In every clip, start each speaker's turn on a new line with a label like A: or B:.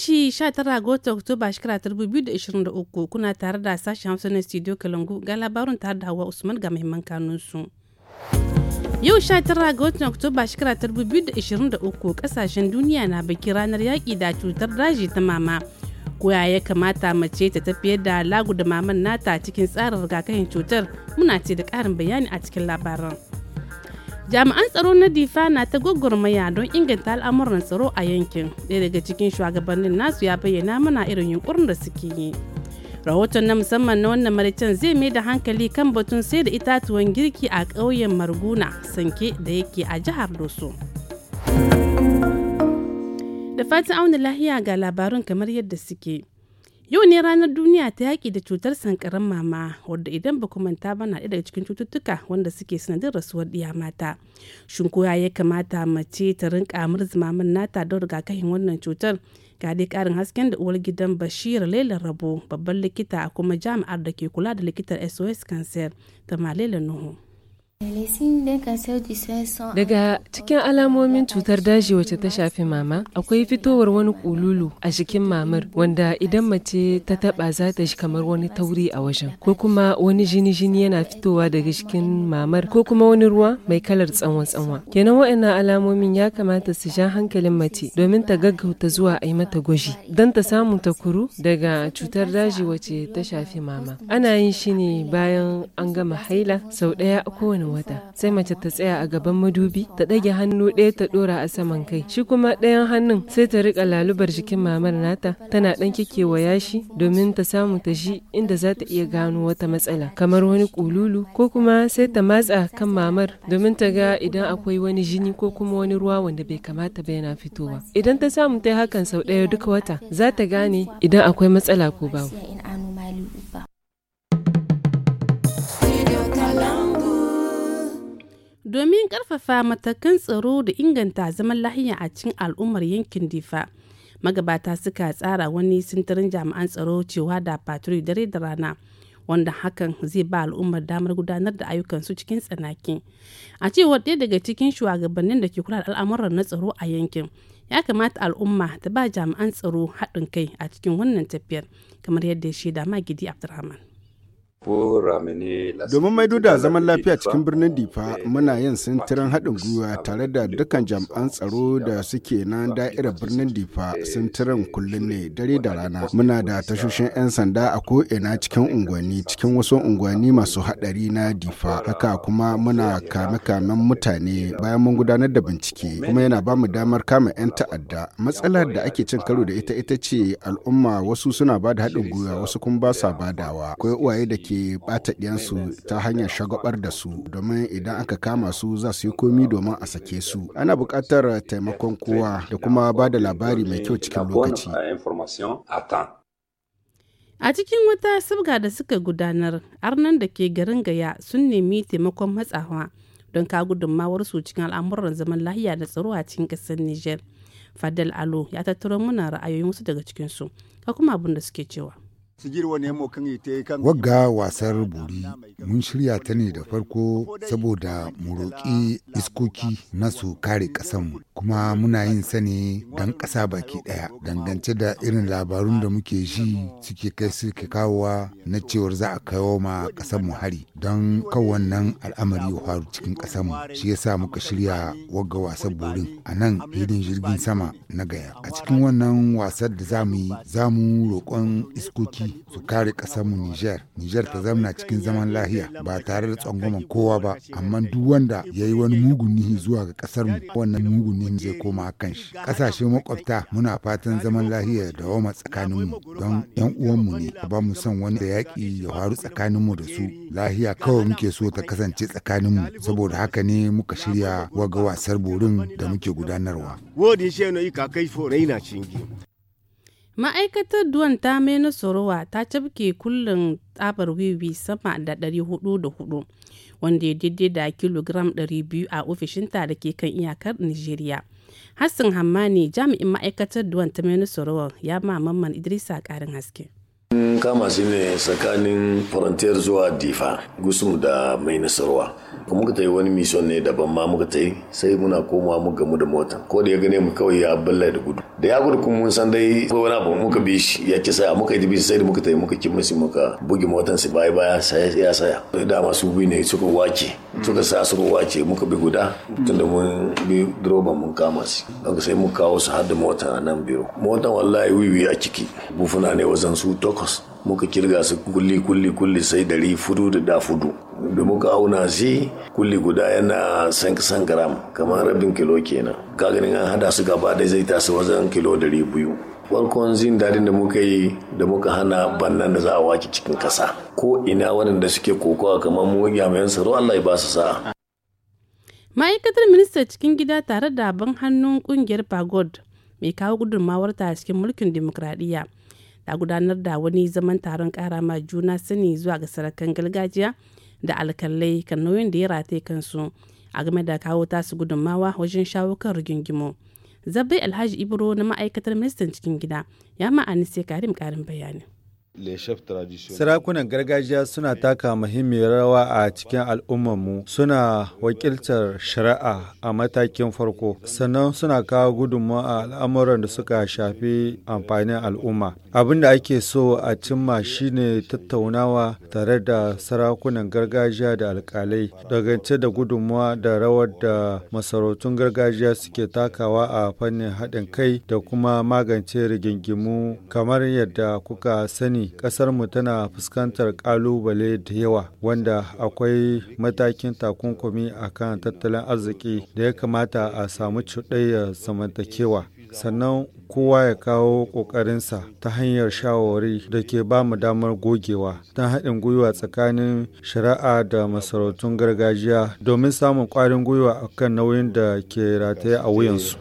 A: shi 19 ga watan Oktoba shekara 2023 kuna tare da sashen Hausa na Studio Kalangu ga labarin tare da Hawa Usman ga muhimman kanunsu. Yau 19 ga watan Oktoba shekara 2023 kasashen duniya na baki ranar yaƙi da cutar daji ta mama. Koya ya kamata mace ta tafi da lagu da maman nata cikin tsarin rigakafin cutar muna ce da ƙarin bayani a cikin labaran. jami'an tsaro na difa na ta gwagwarmaya don inganta al'amuran tsaro a yankin ɗaya daga cikin shugabannin nasu ya bayyana mana irin yunkurin da suke yi rahoton na musamman na wannan maraicen zai mai da hankali kan batun sai da itatuwan girki a ƙauyen marguna sanke da yake a jihar doso da fatan auna lahiya ga labarun kamar yadda suke Yau ne ranar duniya ta yaƙi da cutar sankaran mama wadda idan ba manta ba na ɗaya daga cikin cututtuka wanda suke sanadin rasuwar ɗiya mata. Shunkoya ya kamata mace ta rinka murzuma man nata don rigakafin wannan cutar. Ga dai ƙarin hasken da uwar gidan Bashir Laila Rabo babban likita a kuma jami'ar da ke kula da likitar SOS Cancer ta Malela Nuhu. Daga cikin alamomin cutar daji wacce ta shafi mama, akwai fitowar wani kululu a jikin mamar wanda idan mace ta taba za ta shi kamar wani tauri a wajen, ko kuma wani jini-jini yana fitowa daga jikin mamar ko kuma wani ruwa mai kalar tsanwa-tsanwa. Kenan waɗannan alamomin ya kamata su ja hankalin mace domin ta gaggauta zuwa a yi mata gwaji don ta samu ta kuru daga cutar daji wacce ta shafi mama. Ana yin shi ne bayan an gama haila sau ɗaya a kowane wata sai mace ta tsaya a gaban madubi ta ɗage hannu ɗaya ta ɗora a saman kai shi kuma ɗayan hannun sai ta riƙa lalubar jikin mamar nata tana ɗan kikewa yashi domin ta samu ta ji inda za ta iya gano wata matsala kamar wani ƙululu ko kuma sai ta matsa kan mamar domin ta ga idan akwai wani jini ko kuma wani ruwa wanda bai kamata ba yana fitowa idan ta samu ta hakan sau ɗaya duka wata za ta gane idan akwai matsala ko babu domin karfafa matakan tsaro da inganta zaman lahiya a cikin al'ummar yankin difa magabata suka tsara wani sintirin jami'an tsaro cewa da patrol dare da rana wanda hakan zai ba al'ummar damar gudanar da ayyukan su cikin tsanaki a cewar ɗaya daga cikin shugabannin da ke kula da al'amuran na tsaro a yankin ya kamata al'umma ta ba jami'an tsaro haɗin kai a cikin wannan tafiyar kamar yadda ya shaida magidi abdulrahman
B: Domin maido da zaman lafiya cikin
C: birnin Difa eh, muna yin sintirin haɗin gwiwa tare da dukkan jami'an tsaro da suke na da'irar birnin Difa eh, sintirin kullum ne dare da rana. Muna da tashoshin 'yan sanda a ko'ina cikin unguwanni cikin wasu unguwanni masu haɗari na Difa. Haka kuma muna kame-kamen mutane bayan mun gudanar da bincike kuma yana ba mu damar kama 'yan ta'adda. Matsalar da ake cin karo da ita ita ce al'umma wasu suna ba da haɗin gwiwa wasu kuma ba sa badawa. Akwai uwaye da ke ke bata ɗiyansu ta hanyar shagabar da su domin idan aka kama su za su yi komi domin a sake su ana bukatar taimakon kowa da kuma ba da labari mai kyau cikin lokaci
A: a cikin wata sabga da suka gudanar arnan da ke garin gaya sun nemi taimakon matsawa don ka gudunmawar su cikin al'amuran zaman lahiya da tsaro a cikin ƙasar niger fadal alo ya tattaro muna ra'ayoyin wasu daga cikinsu ka kuma abin da suke cewa Wagga
C: wasar buri mun shirya ta ne da farko saboda mu roƙi iskoki na su kare ƙasanmu kuma muna yin sani don ƙasa baki ɗaya dangance da irin labarun da muke ji suke kai suke kawowa na cewar za a kawo ma ƙasar mu hari don kan wannan al'amari ya faru cikin ƙasar mu shi yasa muka shirya wagga wasan borin a nan filin jirgin sama na gaya a cikin wannan wasan da zamu yi zamu roƙon iskoki su kare ƙasar mu Niger Niger ta zamna cikin zaman lahiya ba tare da tsangwaman kowa ba amma duk wanda yayi wani mugun zuwa ga ƙasar mu wannan mugun mun zai koma kan shi kasashe makwabta muna fatan zaman lahiya da wama tsakaninmu don yan uwanmu ne ba mu son wani da yaƙi ya faru tsakaninmu da su lahiya kawai muke so ta kasance tsakaninmu saboda haka ne muka shirya waga wasar borin da muke gudanarwa
A: ma'aikatar duwan ta na sorowa ta cafke kullum tsabar wiwi sama da 404 wanda ya daidai da kilogram 200 a ofishinta da ke kan iyakar nigeria hassan hammani jami'in ma'aikatar duwan ta minisoro ya ma mamman idrisa karin haske
D: kama shi ne tsakanin frontier zuwa difa gusmu da mai nasarwa muka ta yi wani mission ne daban ma muka ta yi sai muna komawa mu gamu da mota ko da ya gane mu kawai ya balla da gudu da ya gudu kuma mun san dai ko wani abu muka bi shi ya ce sai muka yi sai muka ta yi muka kimasi muka bugi motan sai baya baya sai ya saya da masu bi ne suka wace suka sa su ruwa ce muka bi guda tunda mun bi droban mun kama su daga sai muka kawo su har da mota a nan biro motan wallahi wiwi a ciki bufuna ne wajen su takwas muka kirga su kulli kulli kulli sai dari fudu da da fudu da muka auna shi kulli guda yana san gram kamar rabin kilo kenan ka ganin an hada su gaba da zai tasu wajen kilo dari biyu farkon zin dadin da muka yi da muka hana bannan da za a waki cikin kasa ko ina waɗanda suke kokowa kamar mu jami'an tsaro Allah ya ba su sa'a
A: ma'aikatar minista cikin gida tare da ban hannun kungiyar pagod mai kawo gudunmawar ta cikin mulkin demokradiyya ta gudanar da wani zaman taron kara ma juna sani zuwa ga sarakan gargajiya da alkalai kan nauyin da ya rataye kansu a game da kawo tasu gudunmawa wajen shawo kan rigingimo zabbai alhaji ibro na ma'aikatar ministan cikin gida ya ma'ani sai karim karin bayani
B: Sarakunan gargajiya suna taka muhimmiyar rawa a cikin al'ummarmu suna wakiltar shari'a a matakin farko sannan suna kawo gudunmawa a al'amuran da suka shafi amfanin al'umma. Abin da ake so a cimma shine tattaunawa tare da sarakunan gargajiya da alkalai dangance da gudunmawa da rawar da masarautun gargajiya suke takawa a fannin haɗin kai da kuma magance rigingimu kamar yadda kuka sani sani mu tana fuskantar kalubale da yawa wanda akwai matakin takunkumi a kan tattalin arziki da ya kamata a samu cuɗayyar samantakewa sannan kowa ya kawo ƙoƙarinsa ta hanyar shawarwari da ke ba mu damar gogewa ta haɗin gwiwa tsakanin shari'a da masarautun gargajiya domin samun ƙwarin gwiwa akan nauyin da ke rataye a wuyansu.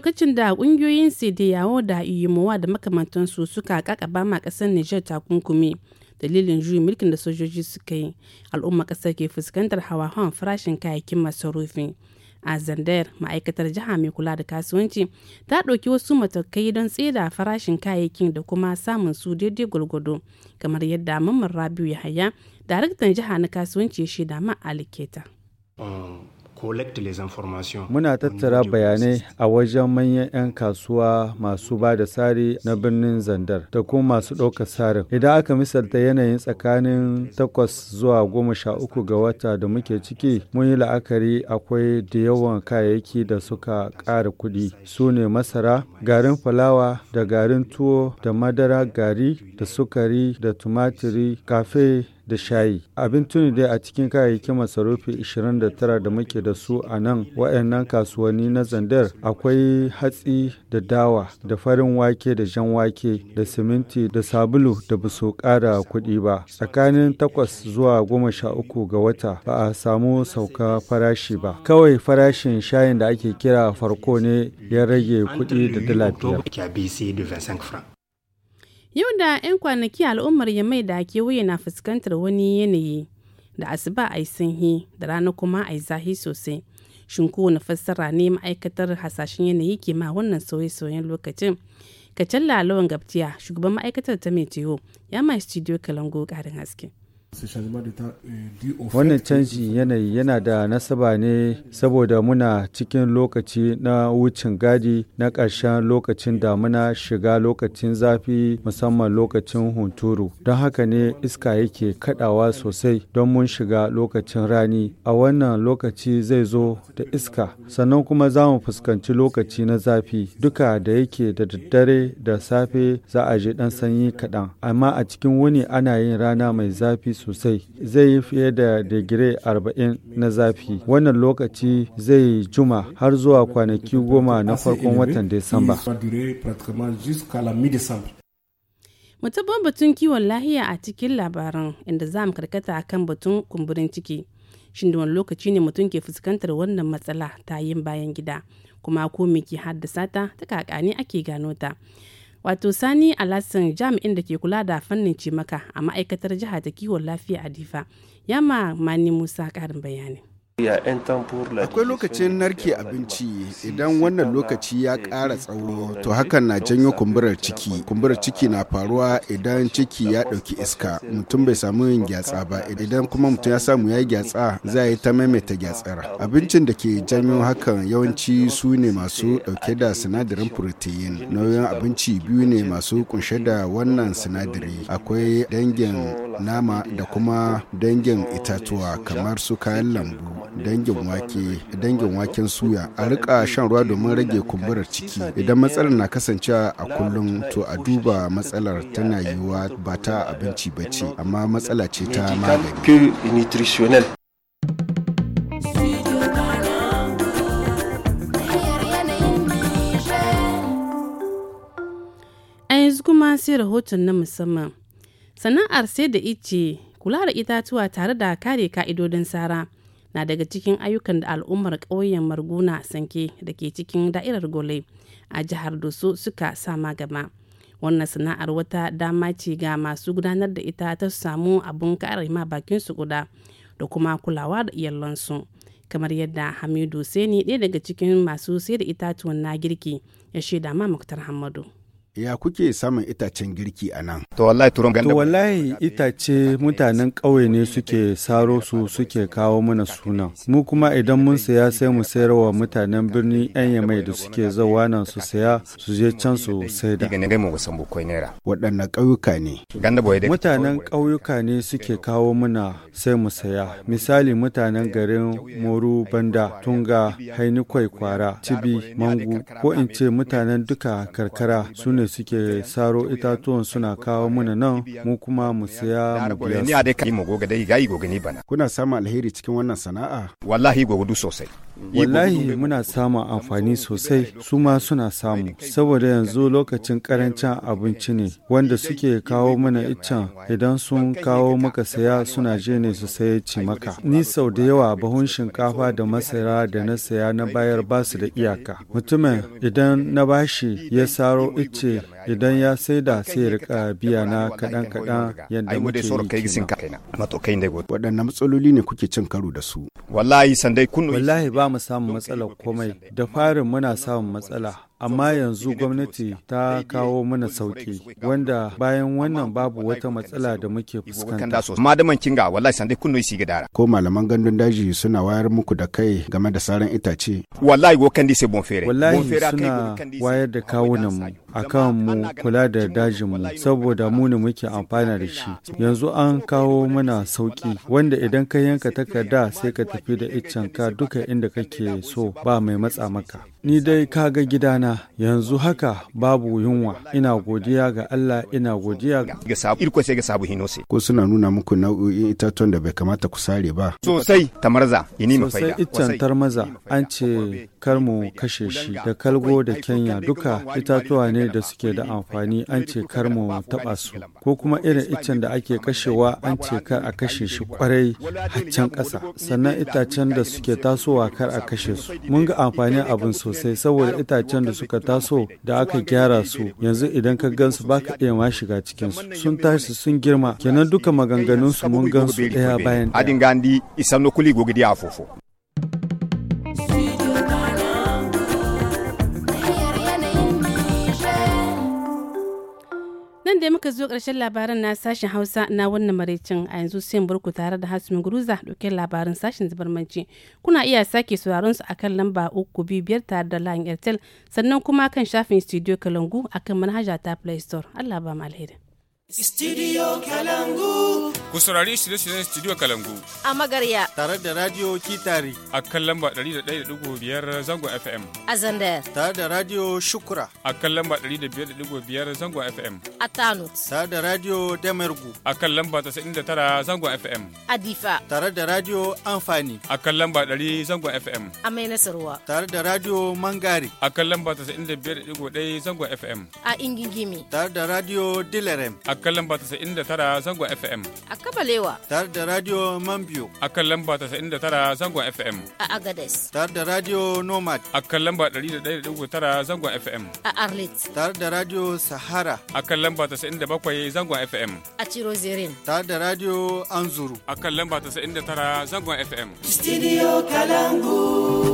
A: lokacin da kungiyoyin yawo da iyimowa da makamantansu suka kakaba ma kasar niger takunkumi dalilin juyin mulkin da sojoji suka yi al'umma kasar ke fuskantar hawa-hawan farashin kayayyakin masarufi a zandar ma'aikatar jiha mai kula da kasuwanci ta ɗauki wasu matakai don tseda farashin kayayyakin da kuma samun su daidai gwargwado kamar yadda mamman rabiu yahaya daraktan jiha na kasuwanci ya shaida ma aliketa
B: ah,
C: Muna tattara
B: bayanai a wajen manyan 'yan kasuwa masu ba da sari na birnin Zandar da kuma masu ɗaukar sarin. Idan aka misalta yanayin tsakanin 8 zuwa 13 ga wata da muke ciki, mun yi la'akari akwai da yawan kayayyaki da suka ƙara kuɗi. Su ne masara, garin fulawa da garin tuwo da madara gari da sukari da tumatiri, kafe da shayi. Abin tuni dai a cikin kayayyakin masarufi 29 da muke da su a nan waɗannan kasuwanni na zandar akwai hatsi da dawa da farin wake da jan wake da siminti da sabulu da ba su ƙara kuɗi ba. Tsakanin 8 zuwa 13 ga wata ba a samu sauka farashi ba. Kawai farashin shayin da ake kira farko ne ya rage kuɗi da dala
A: Yau da 'yan kwanaki al'ummar Yamai da wuya na fuskantar wani yanayi da asuba a yi sanyi da rana kuma a yi zahi sosai. Shin kowane fassara ne ma'aikatar hasashen yanayi ke ma wannan sauye-sauyen lokacin? Kacalla Lawan Gabtiya, shugaban ma'aikatar ta mai Meteo, ya ma studio Kalango ƙarin haske.
C: Wannan canji
B: yanayi yana da nasaba ne saboda muna cikin lokaci na wucin gadi na ƙarshen lokacin damuna shiga lokacin zafi musamman lokacin hunturu. Don haka ne iska yake kaɗawa sosai don mun shiga lokacin rani. A wannan lokaci zai zo da iska, sannan kuma za mu fuskanci lokaci na zafi duka da yake da daddare da safe za a ji ɗan sanyi kaɗan. Amma a cikin wuni ana yin rana mai zafi sosai zai yi fiye da digire 40 na zafi wannan lokaci zai juma har zuwa kwanaki goma na farkon watan Disamba.
A: Mu taɓa batun kiwon lahiya a cikin labaran inda za mu karkata a kan batun kumburin ciki. Shin da wani lokaci ne mutum ke fuskantar wannan matsala ta yin bayan gida kuma ko me haddasa ta ta kakani ake gano ta. wato sani alasan jami'in da ke kula da fannin cimaka a ma'aikatar jiha ta kiwon lafiya a difa ma mani musa ƙarin bayani
C: Akwai lokacin narke abinci idan wannan lokaci ya ƙara tsawo to hakan na janyo kumburar ciki. Kumburar ciki na faruwa idan ciki ya ɗauki iska mutum bai samu yin gyatsa ba idan kuma mutum ya samu ya yi gyatsa za yi ta maimaita gyatsar. Abincin da ke janyo hakan yawanci su ne masu ɗauke da sinadarin protein. Nauyin abinci biyu ne masu kunshe da wannan sinadari. Akwai dangin nama da kuma dangin itatuwa kamar su kayan lambu dangin waken suya a rika shan ruwa domin rage kumburar ciki idan matsalar na kasance a kullum to a duba matsalar tana yiwuwa ba ta abinci ba ce amma matsala ce ta magani
A: a yanzu kuma sai rahoton na musamman sana'ar sai da ice kula da itatuwa tare da kare ka'idodin sara na daga cikin ayyukan da al'ummar ƙauyen marguna sanke da ke cikin da'irar gole a jihar doso suka sama gaba wannan sana'ar wata dama ce ga masu gudanar da ita ta samu abun kare ma bakin su guda da kuma kulawa da iyalansu kamar yadda hamidu sai seni ɗaya daga cikin masu sai da itatuwan na girki ya shaida ma muktar hamadu
C: ya kuke samun itacen girki a nan?
B: To wallahi itace mutanen ƙauye ne suke saro su suke kawo mana suna. Mu kuma idan mun saya sai mu sayar wa mutanen birni 'yan yamai da suke zawa nan su saya su je can su saida. Waɗanne
C: ƙauyuka ne?
B: Mutanen ƙauyuka ne suke kawo mana sai mu saya. Misali mutanen garin Moru Banda, Tunga, Hainikwai Kwara, Cibi, Mangu, ko in ce mutanen duka karkara su da suke saro itatuwan suna kawo muna nan mu kuma mu siya
C: mu biya
B: kuna samun alheri cikin wannan sana'a
C: wallahi gogudu sosai wallahi
B: muna samun amfani sosai su ma suna samu saboda yanzu lokacin karancin abinci ne wanda suke kawo mana iccen idan sun kawo maka saya suna je ne su saye ci maka ni sau da yawa bahun shinkafa da masara da na saya na bayar basu da iyaka mutumin idan na bashi ya saro icce ce idan ya sai da sai rika biya na kaɗan kaɗan yadda muke
C: yi waɗanne matsaloli ne kuke cin karo da su wallahi sandai wallahi
B: ba mu samun matsalar komai da farin muna samun matsala amma yanzu gwamnati ta kawo mana sauki wanda bayan wannan babu wata matsala da muke fuskanta.
C: Ko malaman gandun daji suna wayar muku da kai game da saran itace. Wallahi suna
B: wayar da kawunan mu akan mu kula da dajin mu saboda mu ne muke amfana da shi. Yanzu an kawo mana sauki wanda idan ka yanka takarda sai ka tafi da iccen ka duka inda kake so ba mai matsa maka. Ni dai kaga gidana yanzu haka babu yunwa ina godiya ga Allah ina godiya ga sabu irko sai ga sabu hinose.
C: Ko suna nuna muku nau'o'in itatuwan da bai kamata ku sare ba. Sosai
B: tamarza ini mafaida Sosai iccen tarmaza an ce kar mu kashe shi da kalgo da kenya duka itatuwa ne da suke da amfani an ce kar mu taba su ko kuma irin iccen da ake kashewa an ce kar a kashe shi kwarai haccan ƙasa sannan itacen da suke tasowa kar a kashe su mun ga amfani abin sosai. sosai saboda itacen da suka taso da aka gyara su yanzu idan ka gansu baka iya ma shiga cikin su sun tashi sun girma kenan duka maganganun su mun gansu daya bayan
C: daya.
A: nan da muka zo karshen labaran na sashen hausa na wannan maraicin a yanzu sai burku tare da hasumi guruza ɗauke labarin sashen zubarmanci kuna iya sake sauraron su akan lamba uku biyu biyar tare da line airtel sannan kuma kan shafin studio kalangu akan manhaja ta play store allah ba mu alheri
C: Studio Kalangu.
B: Ku saurari shirye-shiryen Studio Kalangu. A magarya. Tare da Radio Kitari. A kan lamba 101.5 zangon FM. A Zandayar. Tare da Radio Shukura. A kan lamba 105.5 zangon FM. A Tano. Tare da Radio Damergu. A kan lamba 99 zangon FM. A Difa. Tare da Radio Amfani. A kan lamba 100 zangon FM.
A: A Mai Nasarwa.
B: Tare da Radio Mangari. A kan lamba 95.1 zangon FM.
A: A Ingigimi.
B: Tare da Radio Dilerem. A kan lamba 99 zangon FM.
A: A Kabalewa.
B: Tare da Radio Mambio. A kan lamba 99 zangon FM.
A: A Agades.
B: Tare da Radio Nomad. A kan lamba 101.9 zangon FM.
A: A Arlit. Tare
B: da Radio Sahara.
C: A kan lamba 97 zangon FM.
B: A Chirozirin. Tare da Radio Anzuru.
C: A kan lamba 99 zangon FM.
B: Studio Kalangu.